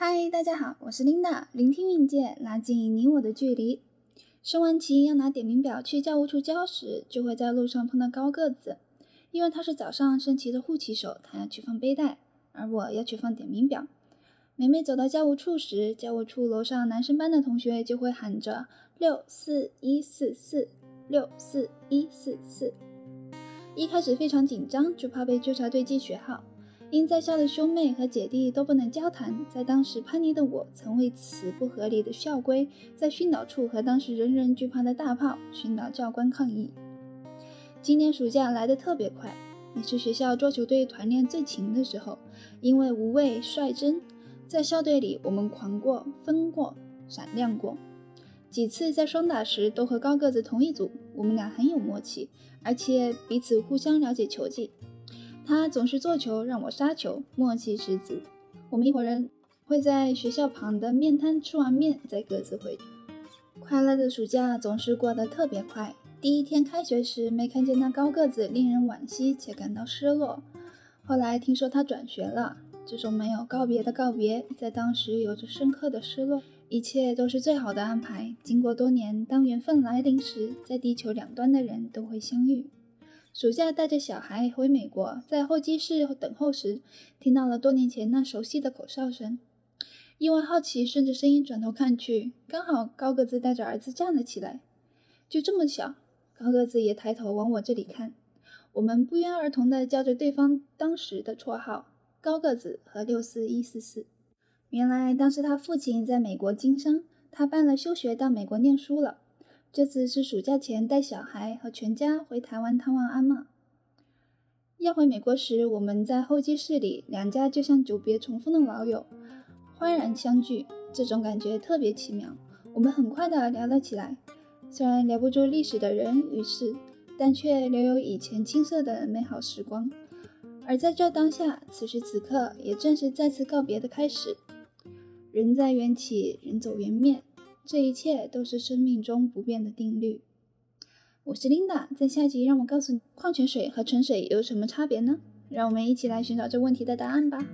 嗨，Hi, 大家好，我是 Linda 聆聽蘊籍，拉近你我的距離。升完旗要拿點名表去教務處交時，就會在路上碰到高個子，因為他是早上升旗的護旗手，他要去放背帶，而我要去放點名表。每每走到教務處時，教務處樓上男生班的同學就會喊着六四一四四六四一四四。一開始非常緊張，就怕被糾察隊記學號。因在校的兄妹和姐弟都不能交談，在當時叛逆的我曾為此不合理的校規，在訓導處和當時人人懼怕的大炮訓導教官抗議。今年暑假來得特別快，也是學校桌球隊團練最勤的時候。因為無畏率真，在校隊裡我們狂過、瘋過、閃亮過。幾次在雙打時都和高個子同一組，我們倆很有默契，而且彼此互相了解球技。他總是做球讓我殺球，默契十足。我們一夥人會在學校旁的麵攤吃完麵，再各自回去。 快樂的暑假總是過得特別快。第一天開學時沒看見那高個子，令人惋惜且感到失落。後來聽說他轉學了，這種沒有告別的告別，在當時有着深刻的失落。一切都是最好的安排。經過多年，當緣分來臨時，在地球兩端的人都會相遇。暑假帶着小孩回美國，在候機室等候時，聽到了多年前那熟悉的口哨聲。因為好奇，順着聲音轉頭看去，剛好高個子帶着兒子站了起來。就這麼巧，高個子也抬頭往我這裡看。我們不約而同的叫着對方當時的綽號：高個子和六四一四四。原來當時他父親在美國經商，他辦了休學到美國念書了。這次是暑假前帶小孩和全家回台灣探望阿嬤。要回美國時，我們在候機室裡，兩家就像久別重逢的老友，歡然相聚，這種感覺特別奇妙。我們很快的聊了起來，雖然留不住歷史的人與事，但卻留有以前青澀的美好時光。而在這當下，此時此刻，也正是再次告別的開始。人在緣起，人走緣滅。這一切都是生命中不變的定律。我是 Linda，在下集讓我告訴你，礦泉水和純水有什麼差別呢？讓我們一起來尋找這問題的答案吧。